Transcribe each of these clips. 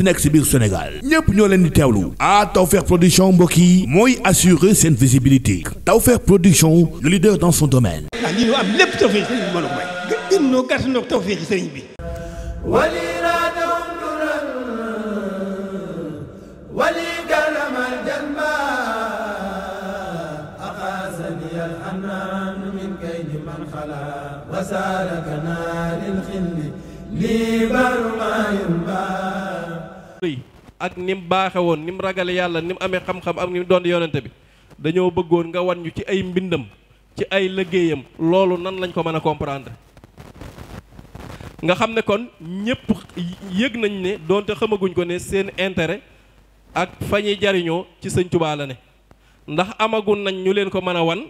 mënti nekk si biir Sénégal ñëpp ñoo leen di teewlu ah Tawfekh production mbokk yi mooy assurer seen visibilité Tawfekh production le leader dans son domaine. ah lii ñu am lépp Tawfekh sëriñ bi mën a may. gën ñoo gàtt ñoo Tawfekh sëriñ bi. وسالك نار الخل لي برما ينبع yi ak ni mu baaxe woon ni mu ragale yàlla ni amee xam-xam ak ni mu doon yonente bi dañoo nga wan ñu ci ay mbindam ci ay liggéeyam loolu nan lañ ko mën a comprendre nga xam ne kon ñëpp yëg nañ ne donte xamaguñ ko ne seen intérêt ak fa ñuy jariñoo ci sëñ Tuubaa la ne ndax amaguñ nañ ñu leen ko mën a wan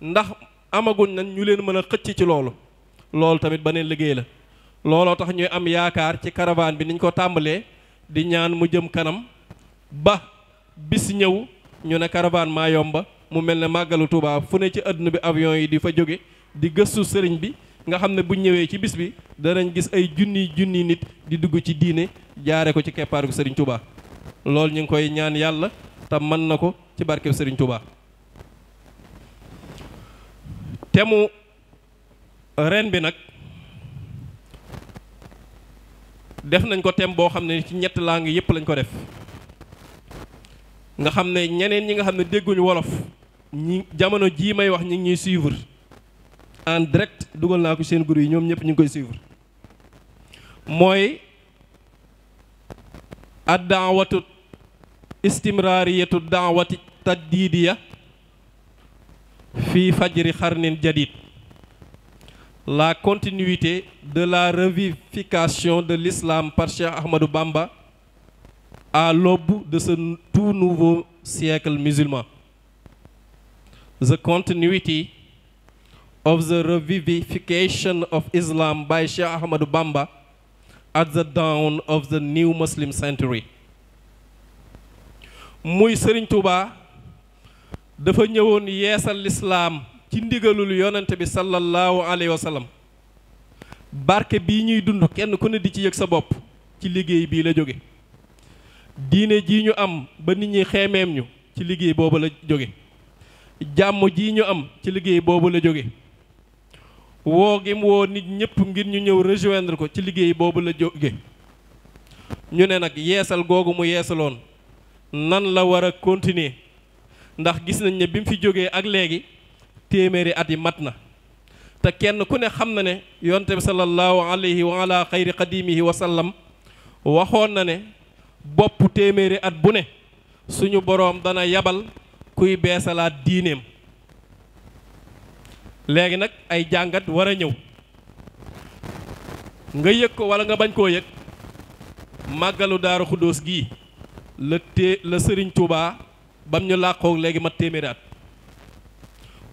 ndax amaguñ nañ ñu leen mën a xëcc ci loolu loolu tamit beneen liggéey la looloo tax ñuy am yaakaar ci caravane bi niñ ko tàmbalee di ñaan mu jëm kanam ba bis ñëw ñu ne caravane maa yomba mu mel ne màggalu Touba fu ne ci àdduna bi avion yi di fa jóge di gëstu sëriñ bi nga xam ne bu ñëwee ci bis bi danañ gis ay junni junni nit di dugg ci diine jaare ko ci keppaaru sëriñ Touba loolu ñu ngi koy ñaan yàlla te mën na ko ci barkeb sëriñ Touba temu ren bi nag def nañ ko thème boo xam ne ci ñett langue yëpp lañ ko def nga xam ne ñeneen ñi nga xam ne dégguñu wolof ñi jamono jii may wax ñi ngi ñuy suivre en direct dugal naa ko seen groupe yi ñoom ñëpp ñu ngi koy suivre mooy addaawatu istimraariyatu daawati taddiidiya fii fajri xarnin jadid la continuité de la revivification de l'islam par Cheikh Ahmadou Bamba à l'aube de ce tout nouveau siècle musulman. The continuity of the revivification of Islam by Sheikh Ahmadou Bamba at the dawn of the new Muslim century. muy Serigne Touba dafa ñëwoon yeesal l'islam ci ndigalul yonent bi sallallahu alayhi wa sallam barke bii ñuy dund kenn ku ne di ci yëg sa bopp ci liggéey bii la jóge diine jii ñu am ba nit ñi xeemeem ñu ci liggéey boobu la jóge jàmm jii ñu am ci liggéey boobu la jóge woo gi mu woo nit ñëpp ngir ñu ñëw rejoindre ko ci liggéey boobu la jóge ñu ne nag yeesal googu mu yeesaloon nan la war a continuer ndax gis nañ ne bi mu fi jógee ak léegi téeméeri at yi mat na te kenn ku ne xam na ne yonte bi sallallahu wa sallam waxoon na ne bopp téeméeri at bu ne suñu boroom dana yabal kuy beesalaat diineem léegi nag ay jàngat war a ñëw nga yëg ko walla nga bañ koo yëg màggalu daaru xudóos gii la té la sëriñ Tuubaa bam ñu làqoog léegi mat téeméeri at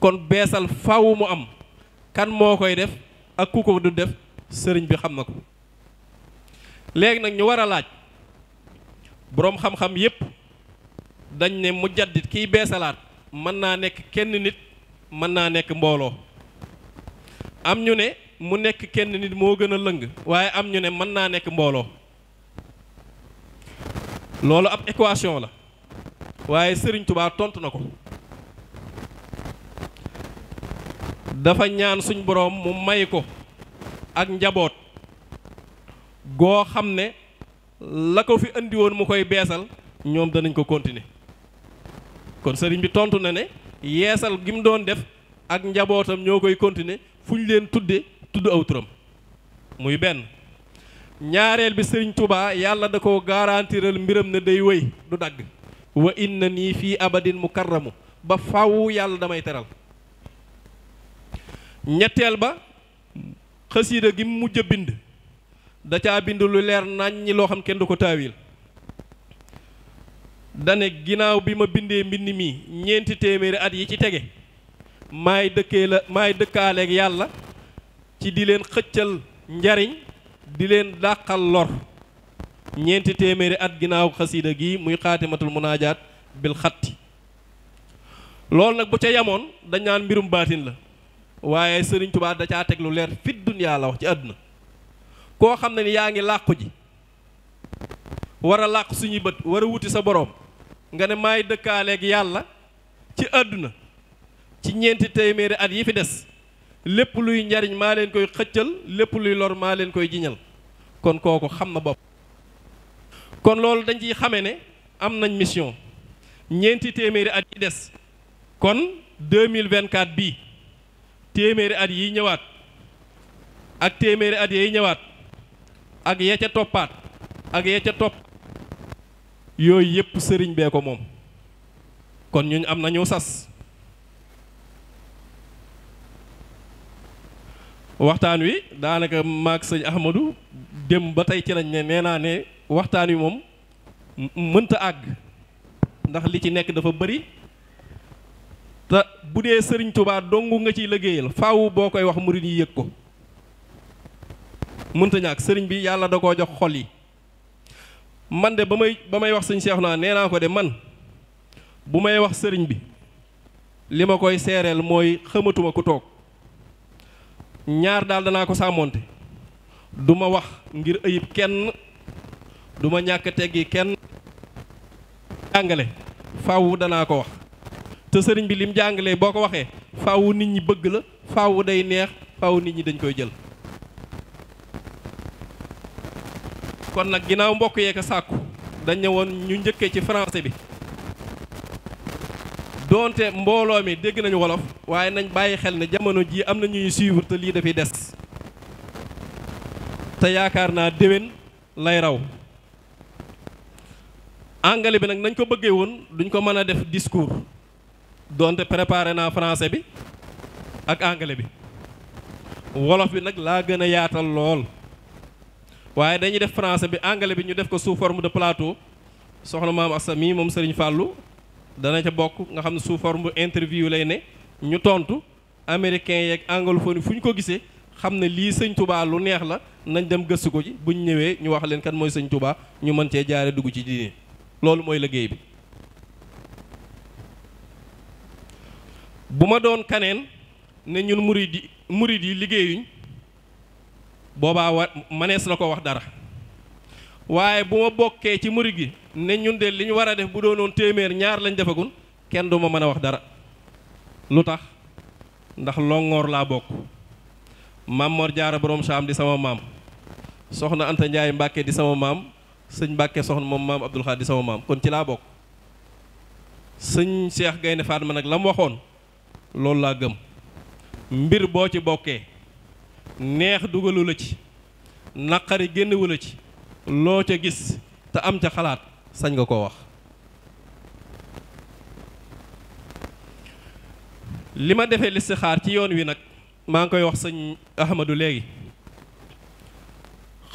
kon beesal faaw mu am kan moo koy def ak ku du def sëriñ bi xam na ko léegi nag ñu war a laaj boroom xam-xam yépp dañ ne mu jaddit kiy beesalaat mën naa nekk kenn nit mën naa nekk mbooloo am ñu ne mu nekk kenn nit moo gën a lëng waaye am ñu ne mën naa nekk mbooloo loolu ab équation la waaye sëriñ Tubaa tontu na ko dafa ñaan suñ boroom mu may ko ak njaboot goo xam ne la ko fi indi woon mu koy beesal ñoom danañ ko continuer kon sëriñ bi tontu na ne yeesal gi mu doon def ak njabootam ñoo koy continuer fu ñu leen tudde tudd aw turam muy benn ñaareel bi sëriñ Touba yàlla da ko garantiral mbiram ne day wéy du dagg indi na nii fii abadin mu mukarramu ba faw yàlla damay teral ñetteel ba xasiida gi mu mujj a bind da ca bind lu leer nàññi loo xam kenn du ko taawil dane ginnaaw bi ma bindee mbind mi ñeenti téeméeri at yi ci tege maay dëkkee la maay dëkkaaleeg yàlla ci di leen xëccal njariñ di leen dàqal lor ñeenti téeméeri at ginnaaw xasiida gi muy xaatimatul munaajaat bil xatti loolu nag bu ca yamoon dañ naan mbirum baatin la waaye sëriñ tubaa da caa teg lu leer fit duniyaa la wax ci àdduna koo xam ne ni yaa ngi làqu ji war a làqu suñuy bët war a wuti sa boroom nga ne maay dëkkaaleeg yàlla ci àdduna ci ñeenti téeméeri at yi fi des lépp luy njariñ maa leen koy xëccal lépp luy lor maa leen koy jiñal kon kooku xam na bopp kon loolu dañ ci xame ne am nañ mission ñeenti téeméeri at yi des kon 2024 bii téeméeri at yi ñëwaat ak téeméeri at yi ñëwaat ak ya ca toppaat ak ya ca topp yooyu yëpp sëriñ bee ko moom kon ñun am nañu sas waxtaan wi daanaka maag sëñ Ahmadou démb ba tey ci lañ ne nee naa ne waxtaan wi moom mënta àgg ndax li ci nekk dafa bari te bu dee sëriñ tubaa dong nga ciy liggéeyal faaw boo koy wax murid yi yëg ko mënta ñàkk sëriñ bi yàlla da koo jox xol yi man de ba may ba may wax sëñ Cheikh naa nee naa ko de man bu may wax sëriñ bi li ma koy seereel mooy xamatuma ku toog ñaar daal danaa ko sàmmoonte du ma wax ngir ayib kenn du ma ñàkk teggi kenn jàngale faaw danaa ko wax te sëriñ bi lim jàngalee boo ko waxee faawu nit ñi bëgg la faawu day neex faawu nit ñi dañ koy jël. kon nag ginnaaw mbokk yeeg a sàkku dañ woon ñu njëkkee ci français bi donte mbooloo mi dégg nañu wolof waaye nañ bàyyi xel ne jamono jii am na ñuy suivre lii dafay des te yaakaar naa déwén lay raw anglais bi nag nañ ko bëggee woon duñ ko mën a def discours donte préparer naa français bi ak anglais bi wolof bi nag laa gën a yaatal lool waaye dañuy def français bi anglais bi ñu def ko sous forme de plateau soxna maam Assa mii moom Serigne Fallou dana ca bokk nga xam ne sous forme interview lay ne ñu tontu américain yeeg anglophone fu ñu ko gisee xam ne lii sëñ Touba lu neex la nañ dem gëstu ko ci buñ ñëwee ñu wax leen kan mooy sëñ Touba ñu mën cee jaaree dugg ci diine loolu mooy liggéey bi. bu ma doon kaneen ne ñun murid yi murid yi liggéeyuñ boobaa wa manees na ko wax dara waaye bu ma bokkee ci murid gi ne ñun de li ñu war a def bu doonoon téeméer ñaar lañ defagul kenn du ma mën a wax dara lu tax ndax longoor laa bokk maam moor Jaara borom saam di sama maam soxna Anta Njaay Mbàkke di sama maam sëñ Mbàkke soxna moom maam Abdul Xaadir di sama maam kon ci laa bokk sëñ Cheikh Gaynde ma nag la mu waxoon loolu laa gëm mbir boo ci bokkee neex dugalu la ci naqari génnewu la ci loo ca gis te am ca xalaat sañ nga ko wax li ma defee listixaar ci yoon wi nag maa ngi koy wax sëñ Ahmadou léegi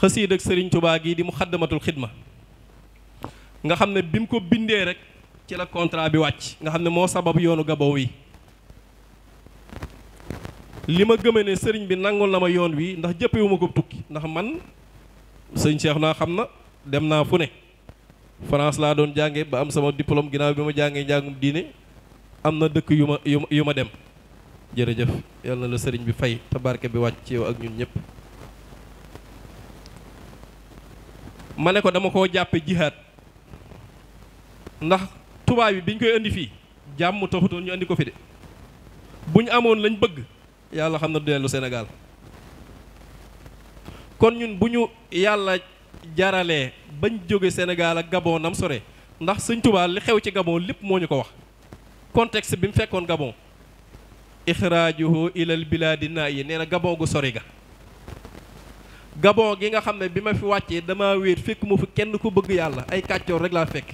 xasiid ak sëriñ Tubaa gii di mu xaddamatul xidma nga xam ne bi mu ko bindee rek ci la contrat bi wàcc nga xam ne moo sabab yoonu gabaw yi li ma gëme ne sëriñ bi nangul na ma yoon wii ndax jëppewu ko tukki ndax man sëñ Cheikh naa xam na dem naa fu ne France laa doon jànge ba am sama diplôme ginnaaw bi ma jàngee njàngum diine am na dëkk yu ma yu ma dem jërëjëf yàlla la sëriñ bi fay te barke bi wàcc ci yow ak ñun ñëpp ma ne ko dama koo jàppe jihaad ndax tubaab bi biñ koy indi fii jàmm taxutoon ñu indi ko fi de bu ñu amoon lañ bëgg yàlla xam na du dellu Sénégal kon ñun bu ñu yàlla jaralee bañ jóge Sénégal ak Gabon nam sore ndax Sëñ Tuubaa li xew ci Gabon lépp moo ñu ko wax contexte bi mu fekkoon Gabon ixraajuhu ilal bilaadi naa yi nee na Gabon gu sori ga Gabon gi nga xam ne bi ma fi wàccee dama wéet fekk mu fi kenn ku bëgg yàlla ay kàccoor rek laa fekk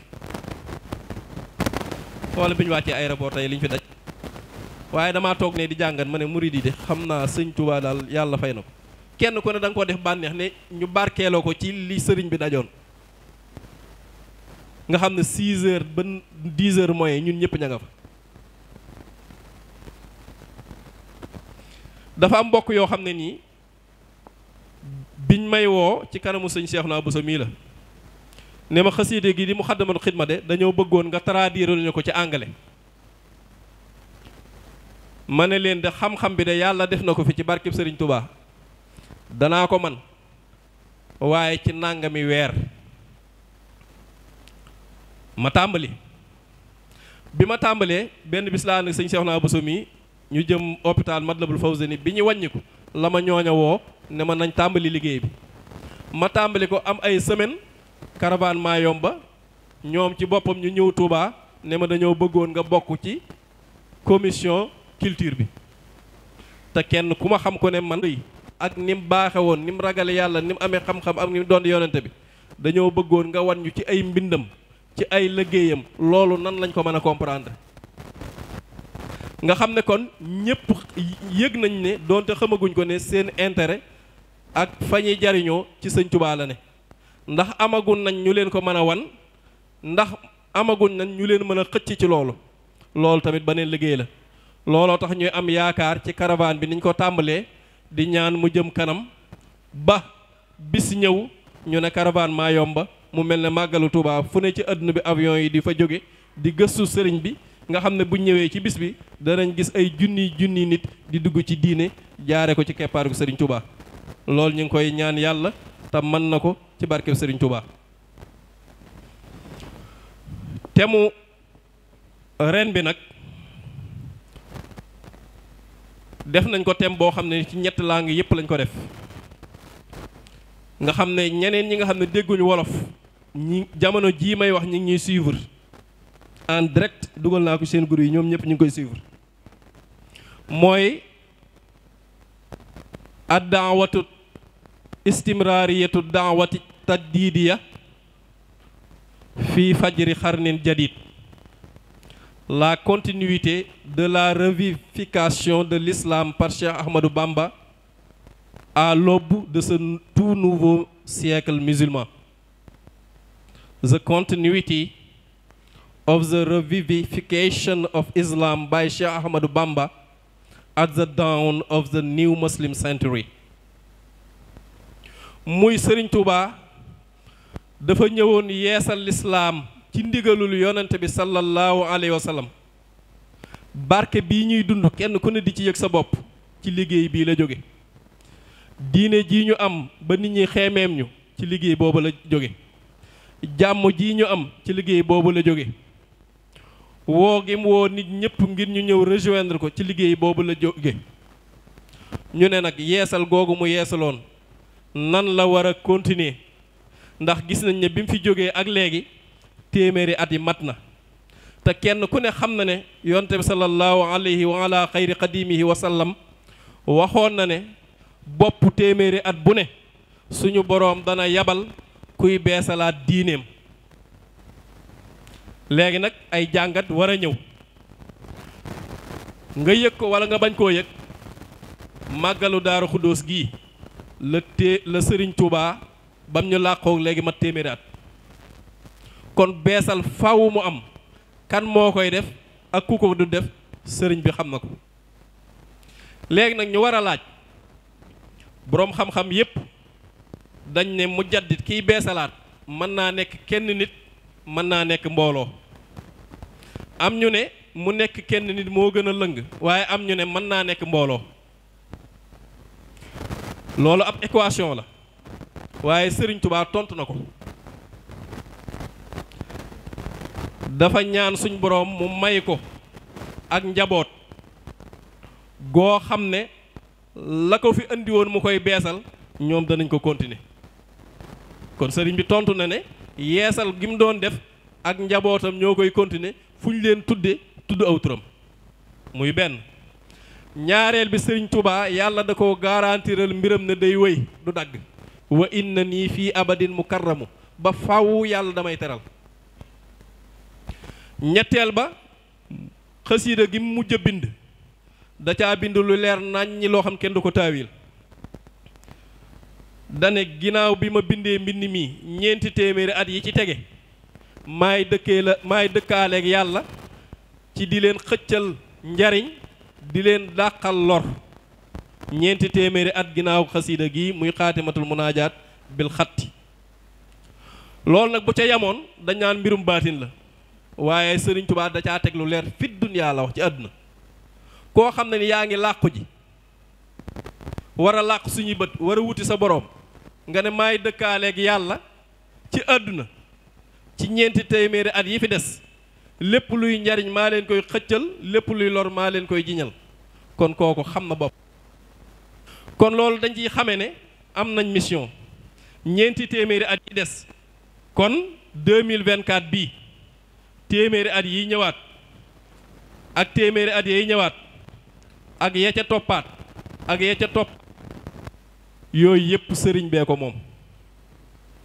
xoolal bi ñu wàccee aéroport tey li ñu fi daj waaye damaa toog ne di jàngat ma ne murid yi de xam naa sëñ Tuubaa daal yàlla fay na ko kenn ku ne da nga koo def bànneex ne ñu barkeeloo ko ci li sëriñ bi dajoon nga xam ne 6 ba 10 heures mooy ñun ñëpp ña nga fa dafa am mbokk yoo xam ne nii biñ may woo ci kanamu sëñ Cheikh naa sa mii la ne ma xasiide gi di mu xaddamatul xidma de dañoo bëggoon nga traduire ñu ko ci anglais ma ne leen de xam-xam bi de yàlla def na ko fi ci barkeb seriñ Touba danaa ko man waaye ci nàngami weer ma tàmbali bi ma tàmbalee benn bis laa ànd sëñ Cheikh naa Bousso mi ñu jëm hôpital Matlaboul Fawzeyni bi ñu wàññiku la ma ñooña woo ne ma nañ tàmbali liggéey bi ma tàmbali ko am ay semaine caravane maa yomba ñoom ci boppam ñu ñëw Touba ne ma dañoo bëggoon nga bokk ci commission culture bi te kenn ku ma xam ko ne man ak ni mu baaxe woon ni mu ragale yàlla ni mu amee xam-xam ak ni doon yonente bi dañoo bëggoon nga wan ñu ci ay mbindam ci ay liggéeyam loolu nan lañ ko mën a comprendre nga xam ne kon ñëpp yëg nañ ne doonte xamaguñ ko ne seen intérêt ak fa jariñoo ci sëñ Tuubaa ne ndax amaguñ nañ ñu leen ko mën a wan ndax amaguñ nañ ñu leen mën a xëcc ci loolu loolu tamit beneen liggéey la looloo tax ñuy am yaakaar ci caravane bi niñ ko tàmbalee di ñaan mu jëm kanam ba bis ñëw ñu ne caravane maa yomba mu mel ne màggalu Tuubaa fu ne ci àdduna bi avion yi di fa jóge di gëstu sëriñ bi nga xam ne bu ñëwee ci bis bi danañ gis ay junniy junniy nit di dugg ci diine jaare ko ci keppaaru sëriñ Tuubaa loolu ñu ngi koy ñaan yàlla te mën na ko ci barkeb sëriñ Tuubaa temu ren bi nag def nañ ko thème boo xam ne ci ñett langue yëpp lañ ko def nga xam ne ñeneen ñi nga xam ne dégguñu wolof ñi jamono jii may wax ñi ñuy suivre en direct dugal naa ko seen groupe yi ñoom ñëpp ñu ngi koy suivre mooy ad daawatu istimraariyatu daawati taddiidiya fii fajri xarnin jadid la continuité de la revivification de l'islam par Cheikh Ahmadou Bamba à l'aube de ce tout nouveau siècle musulman. The continuity of the revivification of Islam by Sheikh Ahmadou Bamba at the dawn of the new Muslim century. muy Serigne Touba dafa ñëwoon yeesal l'islam ci ndigalul yonante bi sallallahu alayhi wa sallam barke bii ñuy dund kenn ku ne di ci yëg sa bopp ci liggéey bii la jóge diine ji ñu am ba nit ñi xeemeem ñu ci liggéey boobu la jóge jàmm jii ñu am ci liggéey boobu la jóge woo gi mu woo nit ñëpp ngir ñu ñëw rejoindre ko ci liggéey boobu la jóge ñu ne nag yeesal googu mu yeesaloon nan la war a continuer ndax gis nañ ne bi mu fi jógee ak léegi téeméeri at yi mat na te kenn ku ne xam na ne yonte bi sallallahu alayhi wa sallam waxoon na ne bopp téeméeri at bu ne suñu boroom dana yabal kuy beesalaat diineem léegi nag ay jàngat war a ñëw nga yëg ko wala nga bañ koo yëg màggalu daaru xudóos gii la té la sëriñ Tuubaa bam ñu làqoog léegi mat téeméeri at kon beesal faaw mu am kan moo koy def ak ku du def sëriñ bi xam na ko léegi nag ñu war a laaj boroom xam-xam yépp dañ ne mu jaddit kiy beesalaat mën naa nekk kenn nit mën naa nekk mbooloo am ñu ne mu nekk kenn nit moo gën a lëng waaye am ñu ne mën naa nekk mbooloo loolu ab équation la waaye sëriñ Tubaa tontu na ko dafa ñaan suñ boroom mu may ko ak njaboot goo xam ne la ko fi indi woon mu koy beesal ñoom danañ ko continuer kon sëriñ bi tontu na ne yeesal gi mu doon def ak njabootam ñoo koy continuer fu ñu leen tudde tudd aw turam muy benn ñaareel bi sëriñ Touba yàlla da ko garantiral mbiram ne day wëy du dagg indi na nii fii abadin mu mukarramu ba faw yàlla damay teral ñetteel ba xasiida gi mu mujj bind da ca bind lu leer nàññi loo xam kenn du ko taawil dane ginnaaw bi ma bindee mbind mi ñeenti téeméeri at yi ci tege maay dëkkee la maay dëkkaaleeg yàlla ci di leen xëccal njariñ di leen dàqal lor ñeenti téeméeri at ginnaaw xasiida gi muy xaatimatul munaajaat bil xatti loolu nag bu ca yamoon dañ naan mbirum baatin la waaye sëriñ Tuubaa da caa teg lu leer fi duniyaa la wax ci àdduna koo xam ne ni yaa ngi làqu ji war a làqu suñuy bët war a wuti sa boroom nga ne maay dëkkaaleeg yàlla ci àdduna ci ñeenti téeméeri at yi fi des lépp luy njariñ maa leen koy xëccal lépp luy lor maa leen koy jiñal kon kooku xam na bopp kon loolu dañ ci xame ne am nañ mission ñeenti téeméeri at yi des kon 2024 bii téeméeri at yi ñëwaat ak téeméeri at yi ñëwaat ak ya ca toppaat ak ya ca topp yooyu yépp sëriñ bee ko moom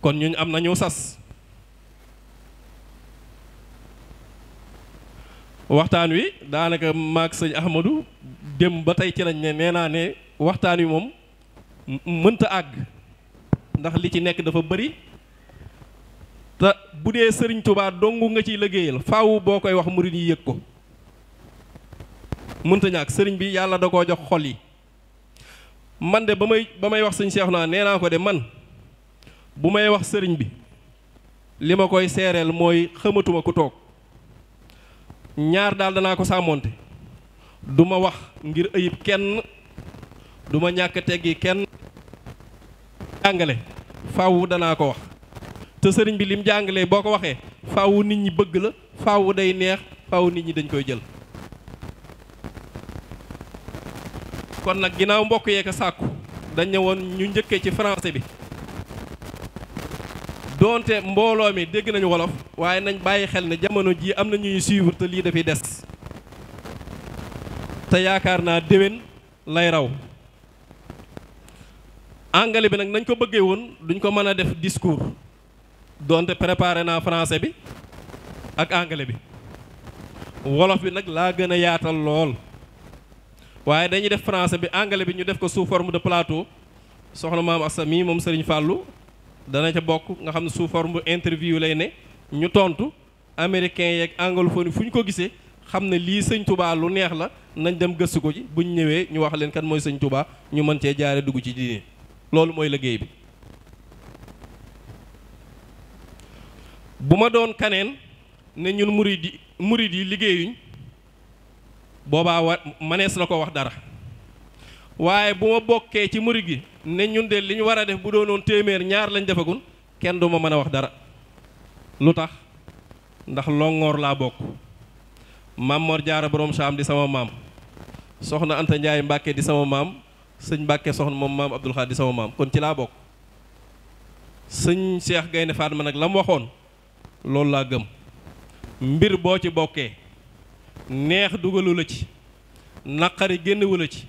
kon ñun am nañu sas waxtaan wi daanaka maag sëñ Ahmadou démb ba tey ci lañ ne nee naa ne waxtaan wi moom mënta àgg ndax li ci nekk dafa bari te bu dee sëriñ tubaa dongu nga ciy liggéeyal faawu boo koy wax murid yi yëg ko mënta ñàkk sëriñ bi yàlla da koo jox xol yi man de ba may ba may wax sëñ Seex naa nee naa ko de man bu may wax sëriñ bi li ma koy seereel mooy xëmatuma ku toog ñaar daal danaa ko sàmmoonte du ma wax ngir ayib kenn du ma ñàkk teggi kenn jàngale faawu danaa ko wax te sëriñ bi lim jàngalee boo ko waxee faawu nit ñi bëgg la faawu day neex faawu nit ñi dañ koy jël kon nag ginnaaw mbokk yee ko sàkku dañ woon ñu njëkkee ci français bi doonte mbooloo mi dégg nañu wolof waaye nañ bàyyi xel ne jamono jii am na ñuy suivre lii dafay des te yaakaar naa déwén lay raw anglais bi nag nañ ko bëggee woon duñ ko mën a def discours donte préparé naa français bi ak anglais bi wolof bi nag laa gën a yaatal lool waaye dañuy def français bi anglais bi ñu def ko sous forme de plateau soxna maam Assa mii moom Serigne Fallou dana ca bokk nga xam ne sous forme interview lay ne ñu tontu américain yeeg anglophone fu ñu ko gisee xam ne lii sëñ Touba lu neex la nañ dem gëstu ko ci bu ñëwee ñu wax leen kan mooy sëñ Touba ñu mën cee jaare dugg ci diine loolu mooy liggéey bi. bu ma doon kaneen ne ñun murid yi murid yi liggéeyuñ boobaa wa manees na ko wax dara waaye bu ma bokkee ci murid gi ne ñun de li ñu war a def bu doonoon téeméer ñaar lañ defagul kenn du ma mën a wax dara lu tax ndax longoor laa bokk maam moor Jaara boroom saam di sama maam soxna Anta njaay Mbàkke di sama maam sëñ Mbàkke soxna moom maam Abdul Xaadir di sama maam kon ci laa bokk sëñ Cheikh Gaynde ma nag la mu waxoon loolu laa gëm mbir boo ci bokkee neex dugalu la ci naqari génnewu la ci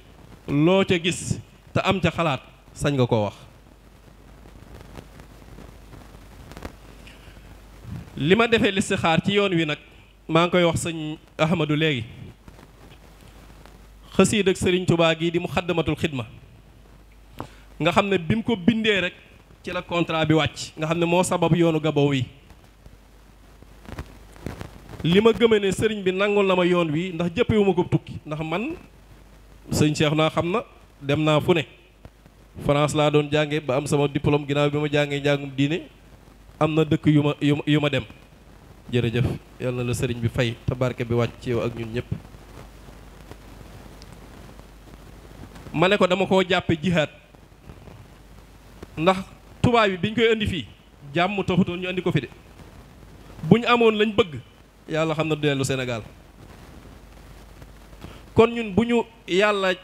loo ca gis te am ca xalaat sañ nga ko wax li ma defee listixaar ci yoon wi nag maa ngi koy wax sëñ Ahmadou léegi xasiid ak sëriñ Tubaa gii di mu xaddamatul xidma nga xam ne bi mu ko bindee rek ci la contrat bi wàcc nga xam ne moo sabab yoonu Gabon wi li ma gëmee ne sëriñ bi nangul na ma yoon wi ndax jëppewu ma ko tukki ndax man sëñ Cheikh naa xam na dem naa fu ne France laa doon jànge ba am sama diplôme ginnaaw bi ma jàngee njàngum diine am na dëkk yu ma yu ma yu ma dem jërëjëf yal la sëriñ bi fay te barke bi wàcc ci yow ak ñun ñëpp ma ne ko dama koo jàppe jihaad ndax tubaab yi biñ koy indi fii jàmm taxutoon ñu indi ko fi de ñu amoon lañ bëgg yàlla xam na du dellu Sénégal kon ñun bu ñu yàlla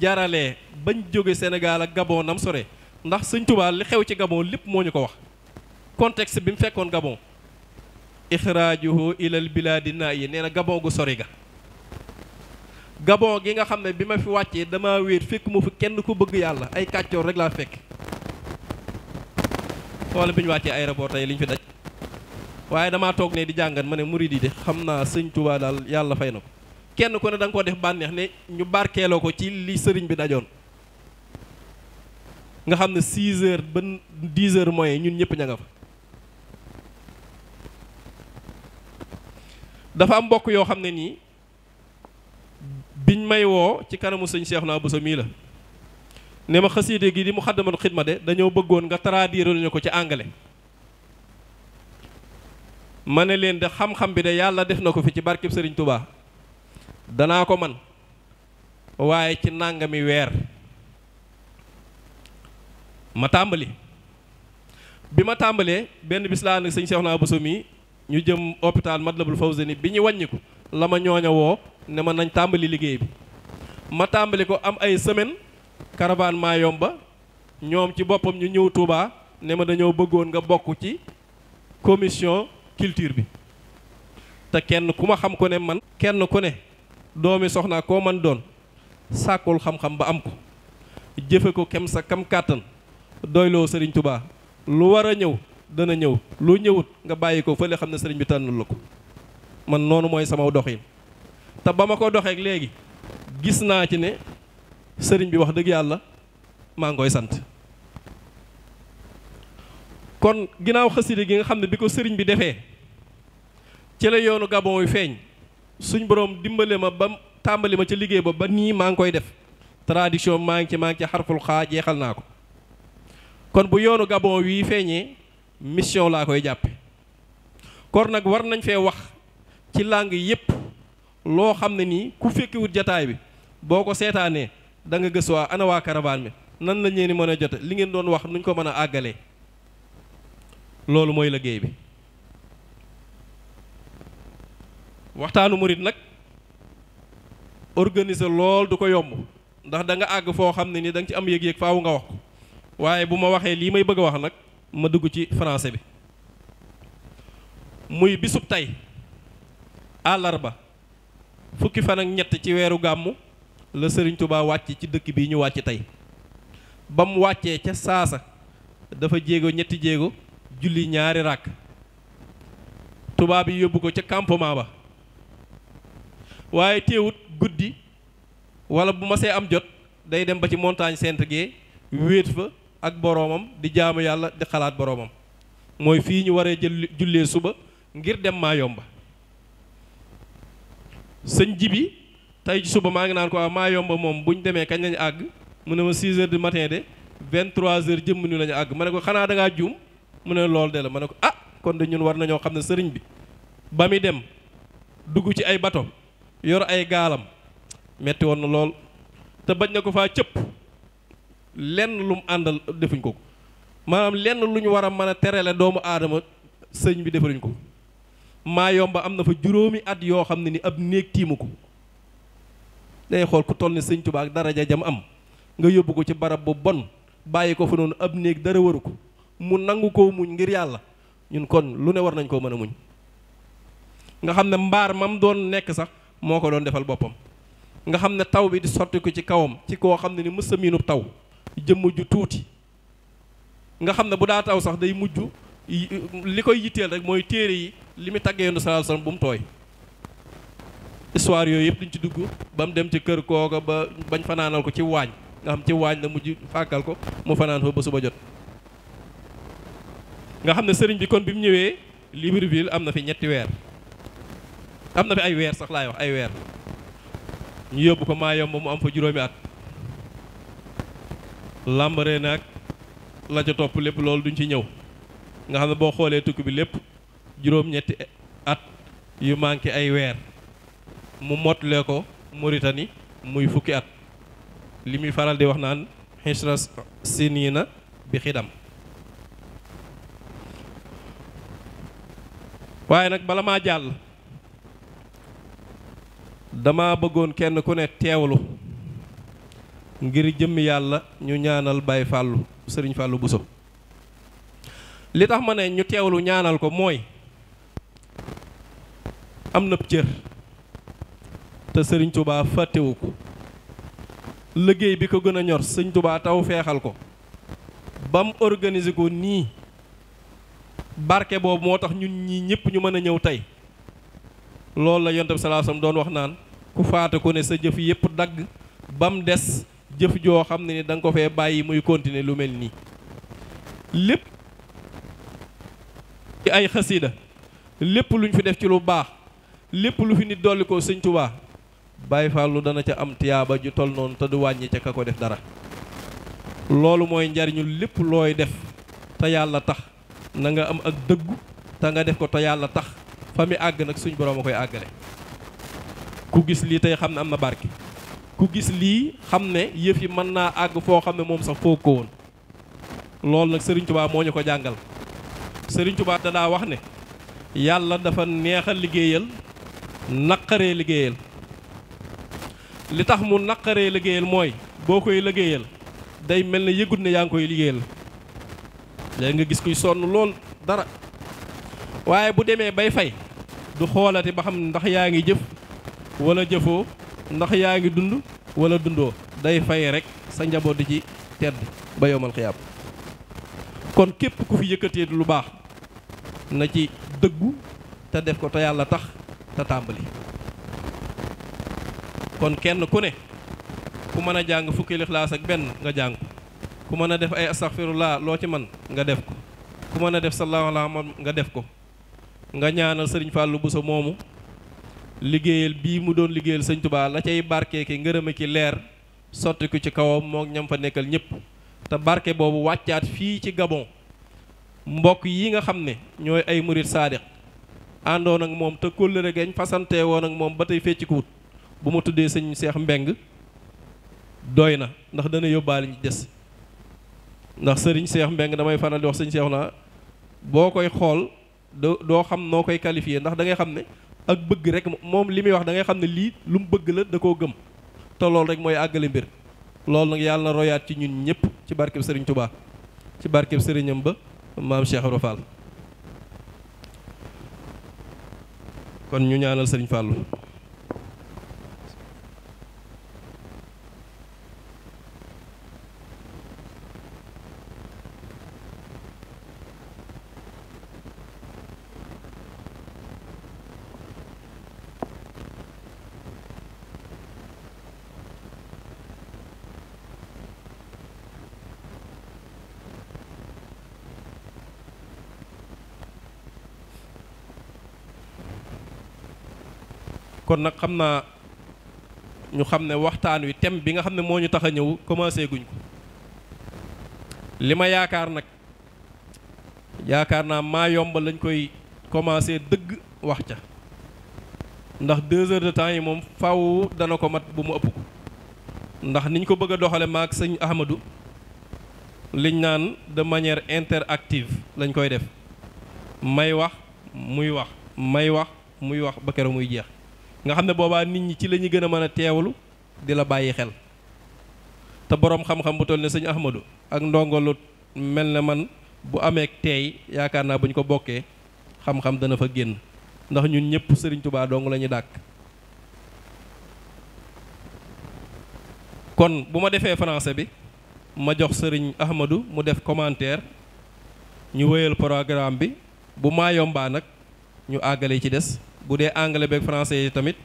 jaralee bañ jóge Sénégal ak Gabon nam sore ndax sëñ Tuubaa li xew ci Gabon lépp moo ñu ko wax contexte bi mu fekkoon Gabon ixraajuhu ilal bilaadi naa yi nee na Gabon gu sori ga Gabon gi nga xam ne bi ma fi wàccee dama wéet fekk mu fi kenn ku bëgg yàlla ay kàccoor rek laa fekk xoolal bi ñu wàccee aéroport tey li fi daj waaye damaa toog ne di jàngat ma ne murid de xam naa sëñ Tuubaa daal yàlla fay na ko kenn ku ne danga nga koo def bànneex ne ñu barkeeloo ko ci li sëriñ bi dajoon nga xam ne 6 heures ba 10 heures mooy ñun ñëpp ña nga fa dafa am mbokk yoo xam ne nii biñ may woo ci kanamu sëñ Cheikh naa sa mii la ne ma xasiide gi di mu xaddamal xidma de dañoo bëggoon nga traduire ñu ko ci anglais ma ne leen de xam-xam bi de yàlla def na ko fi ci barkeb seriñ Tuubaa danaa ko man waaye ci nàngami weer ma tàmbali bi ma tàmbalee benn bis laa nag sëñ Cheikh naa Bousso mi ñu jëm hôpital Matlaboul Fawzeyni bi ñu wàññiku la ma ñooña woo ne ma nañ tàmbali liggéey bi ma tàmbali ko am ay semaine caravane maa yomba ñoom ci boppam ñu ñëw Touba ne ma dañoo bëggoon nga bokk ci commission culture bi te kenn ku ma xam ko ne man kenn ku ne doomi soxnaa koo man doon sàkkul xam-xam ba am ko jëfe ko kem sa kam kàttan doyloo sëriñ tubaa lu war a ñëw dana ñëw lu ñëwut nga bàyyi ko fële xam ne sëriñ bi tànnal la ko man noonu mooy sama doxin te ba ma ko doxeek léegi gis naa ci ne sëriñ bi wax dëgg yàlla maa ngi koy sant kon ginnaaw xasida gi nga xam ne bi ko sëriñ bi defee ci la yoonu Gabon wi feeñ suñ borom dimbale ma ba tàmbali ma ca liggéey ba ba nii maa ngi koy def tradition maa ngi ci maa ngi ci xarful xaa jeexal naa ko kon bu yoonu Gabon wii feeñee mission laa koy jàppe kon nag war nañ fee wax ci làng yépp loo xam ne nii ku fekkiwut jataay bi boo ko seetaanee danga nga waa ana waa bi nan la ñeen mën a jote li ngeen doon wax nuñ ko mën a àggalee loolu mooy liggéey bi waxtaanu murit nag organiser lool du ko yomb ndax danga àgg foo xam ne ni danga ci am yëg-yëg faaw nga wax ko waaye bu ma waxee lii may bëgg a wax nag ma dugg ci français bi muy bisub tey àllarba fukki fan ak ñett ci weeru gàmmu la Sëriñ Tuubaa wàcc ci dëkk bi ñu wàcc tey ba mu wàccee ca saasa dafa jéego ñetti jéego julli ñaari ràkk tubaab yi yóbbu ko ca campement ba waaye teewut guddi wala bu ma see am jot day dem ba ci montagne Sainte Gué wéet fa ak boroomam di jaamu yàlla di xalaat boroomam mooy fii ñu waree jël jullee suba ngir dem maa yomba sëñ jibi tey ci suba maa ngi naan ko waaw ah, maa yomba moom bu ñu demee kañ lañu àgg mu ne ma 6 heures du matin de 23 heures jëmm ni lañu àgg ma ne ko xanaa dangaa ngaa juum mu ne loolu de la ma ne ko ah kon de ñun war nañoo xam ne sëriñ bi ba muy dem dugg ci ay bato yor ay gaalam metti woon lool te bañ na ko fa cëpp lenn lu mu àndal defuñ ko maanaam lenn lu ñu war a mën a terele doomu aadama sëñ bi defaruñ ko maa yomba am na fa juróomi at yoo xam ne ni ab néeg tiimu ko day xool ku toll ni sëñ Tuubaa ak dara daraja jam am nga yóbbu ko ci barab bu bon bàyyi ko fa noonu ab néeg dara waru ko mu nangu koo muñ ngir yàlla ñun kon lu ne war nañ koo mën a muñ nga xam ne mbaar mam doon nekk sax moo ko doon defal boppam nga xam ne taw bi di sotti ko ci kawam ci koo xam ne ni mës a miinub taw jëmm ju tuuti nga xam ne bu daa taw sax day mujj li koy yitteel rek mooy téere yi li mu taggee yonent sallallahu alayhi bu mu tooy histoire yooyu yëpp duñ ci dugg ba mu dem ci kër kooka ba bañ fanaanal ko ci waañ nga xam ci waañ la mujj fàkkal ko mu fanaan fa ba suba jot nga xam ne sëriñ bi kon bi mu ñëwee Libreville am na fi ñetti weer am na fi ay weer sax laay wax ay weer ñu yóbbu ko maa yomb mu am fa juróomi at làmbaree nag la ca topp lépp loolu duñ ci ñëw nga xam ne boo xoolee tukki bi lépp juróom-ñetti at yu manqué ay weer mu motlee ko Mauritanie muy fukki at li muy faral di wax naan xisra sinina bi xidam waaye nag bala maa jàll dama bëggoon kenn ku ne teewlu ngir jëmmi yàlla ñu ñaanal Baye fàllu Serigne Fallou Bousso li tax ma ne ñu teewlu ñaanal ko mooy am na cër te sëriñ tubaa fàttewu ko liggéey bi ko gën a ñor Serigne Touba taw feexal ko bam organise ko nii barke boobu moo tax ñun ñii ñëpp ñu mën a ñëw tey loolu la yonent bi sallallahu doon wax naan ku faate ko ne sa jëf yépp dagg ba mu des jëf joo xam ne ni da ko fee bàyyi muy continuer lu mel nii lépp ci ay xasida lépp luñ fi def ci lu baax lépp lu fi nit dolli ko sëñ Tuubaa Baay Faalu dana ca am tiyaaba ju tol noonu te du wàññi ca ka ko def dara loolu mooy njariñu lépp looy def te yàlla tax na nga am ak dëggu te nga def ko te yàlla tax fa mi àgg nag suñ borom a koy àggale ku gis lii tey xam ne am na barke ku gis lii xam ne yëf yi mën naa àgg foo xam ne moom sax foog ko woon loolu nag Serigne Touba moo ñu ko jàngal Serigne Touba danaa wax ne yàlla dafa neex a liggéeyal naqaree liggéeyal li tax mu naqare liggéeyal mooy boo koy liggéeyal day mel ne yëgut ne yaa ngi koy liggéeyal léegi nga gis kuy sonn lool dara waaye bu demee bay fay du xoolati ba xam ndax yaa ngi jëf walla jëfoo ndax yaa ngi dund wala dundoo day fay rek sa njaboot di ci tedd ba yowmal xiyaam kon képp ku fi yëkkatee lu baax na ci dëggu te def ko te yàlla tax te tàmbali kon kenn ku ne ku mën a jàng fukki lixlaas ak benn nga jàng ku mën a def ay astaxfirullaa loo ci man nga def ko ku mën a def sallallahu alayhi wa nga def ko nga ñaanal sëriñ bu sa moomu liggéeyal bii mu doon liggéeyal sëñ Touba la cay barke ki ngërëm ki leer sotti ko ci kawam moo ñam fa nekkal ñëpp te barke boobu wàccaat fii ci Gabon mbokk yi nga xam ne ñooy ay murit saadiq àndoon ak moom te kóllëre gañ fasante woon ak moom ba tey feccikuwut bu ma tuddee sëñ Seex Mbeng doy na ndax dana yóbbaale ñu des ndax sëriñ Seex Mbeng damay faral di wax sëñ Seex naa boo koy xool do doo xam noo koy qualifier ndax da ngay xam ne ak bëgg rek moom li muy wax dangay xam ne lii lu bëgg la da koo gëm tolool loolu rek mooy àggale mbir loolu nag yàlla royaat ci ñun ñëpp ci barkeb Serigne Touba ci barkeb sëriñam ba maam Cheikh Ibra kon ñu ñaanal Serigne Fallou kon nag xam naa ñu xam ne waxtaan wi thème bi nga xam ne moo ñu tax a ñëw commencé guñ ko li ma yaakaar nag yaakaar naa maa yomba lañ koy commencé dëgg wax ca ndax deux heures de temps yi moom faw dana ko mat bu mu ëpp ko ndax niñ ko bëgg a doxale ak sëñ Ahmadou liñ naan de manière interactive lañ koy def may wax muy wax may wax muy wax ba keroog muy jeex nga xam ne boobaa nit ñi ci la ñu gën a mën a teewlu di la bàyyi xel te boroom xam-xam bu toll ne sëñ Ahmadou ak ndongolu mel ne man bu amee teey yaakaar naa bu ñu ko bokkee xam-xam dana fa génn ndax ñun ñëpp sëriñ Tubaa dong la ñu dàkk kon bu ma defee français bi ma jox sëriñ Ahmadou mu def commentaire ñu wéyal programme bi bu maa yombaa nag ñu àggale ci des bu dee anglais beeg français yi tamit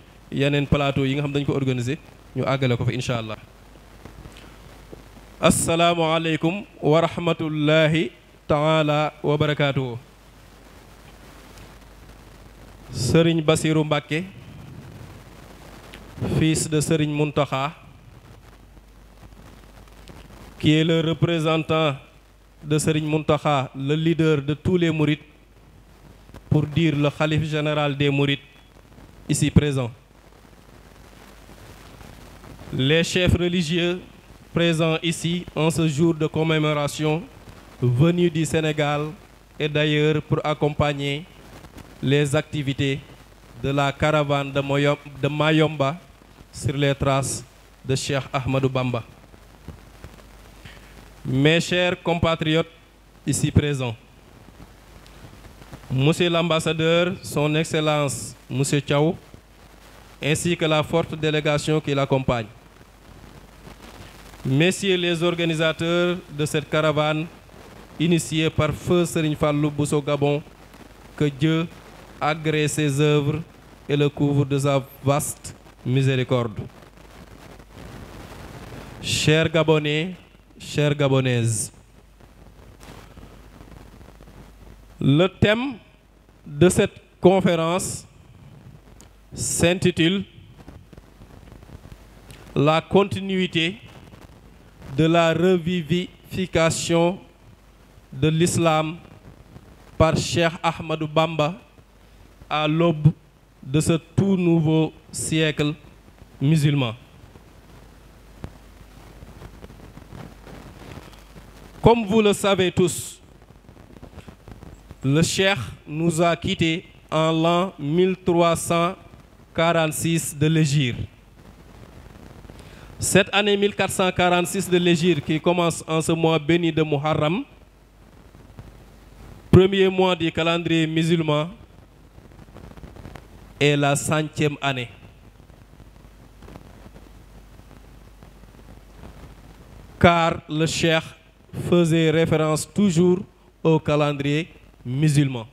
yeneen plateau yi nga xam dañ ko organiser ñu àggale ko fa incha allah asalaamualeykum wa rahmatullahi taala wa barakaatuhu sëriñ basiru mbàkke fils de sëriñ muntaxa qui est le de sëriñ muntaxa le leader de tous les mourides pour dire le khalife général des Mourides ici présent. Les chefs religieux présents ici en ce jour de commémoration venus du Sénégal et d'ailleurs pour accompagner les activités de la caravane de, Moyom, Mayomba sur les traces de Cheikh Ahmadou Bamba. Mes chers compatriotes ici présents, Monsieur l'ambassadeur, son Excellence, Monsieur Chao, ainsi que la forte délégation qui l'accompagne. Messieurs les organisateurs de cette caravane initiée par Feu Serigne Fallou Bousso Gabon, que Dieu agrée ses œuvres et le couvre de sa vaste miséricorde. Chers Gabonais, chères Gabonaises, le thème de cette conférence s'intitule La continuité de la revivification de l'islam par Cheikh Ahmadou Bamba à l'aube de ce tout nouveau siècle musulman. Le cheikh nous a quittés en l'an 1346 de l'Hégire. Cette année 1446 de l'Hégire qui commence en ce mois béni de Muharram, premier mois du calendrier musulman, est la centième année. Car le cheikh faisait référence toujours au calendrier musulmans.